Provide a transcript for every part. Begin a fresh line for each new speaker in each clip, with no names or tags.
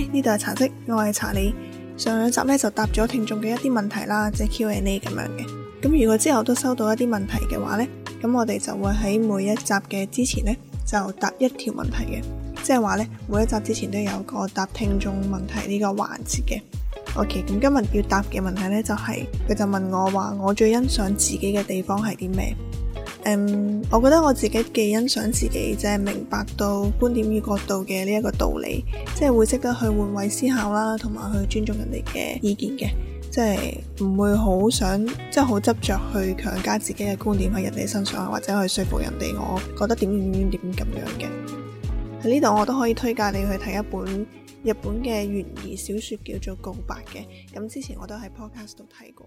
呢度係茶嘖，我係查理。上兩集咧，就答咗聽眾嘅一啲問題啦，即係 Q&A 咁樣嘅。咁如果之後都收到一啲問題嘅話呢，咁我哋就會喺每一集嘅之前呢，就答一條問題嘅，即係話呢，每一集之前都有個答聽眾問題呢個環節嘅。OK，咁今日要答嘅問題呢，就是，就係佢就問我話我最欣賞自己嘅地方係啲咩？嗯，um, 我覺得我自己既欣賞自己，即係明白到觀點與角度嘅呢一個道理，即係會識得去換位思考啦，同埋去尊重人哋嘅意見嘅，即係唔會好想即係好執着去強加自己嘅觀點喺人哋身上，或者去說服人哋。我覺得點點點點咁樣嘅。喺呢度，我都可以推介你去睇一本日本嘅懸疑小說，叫做《告白》嘅，咁之前我都喺 Podcast 度睇過。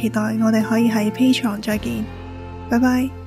期待我哋可以喺 Patreon 再見，拜拜。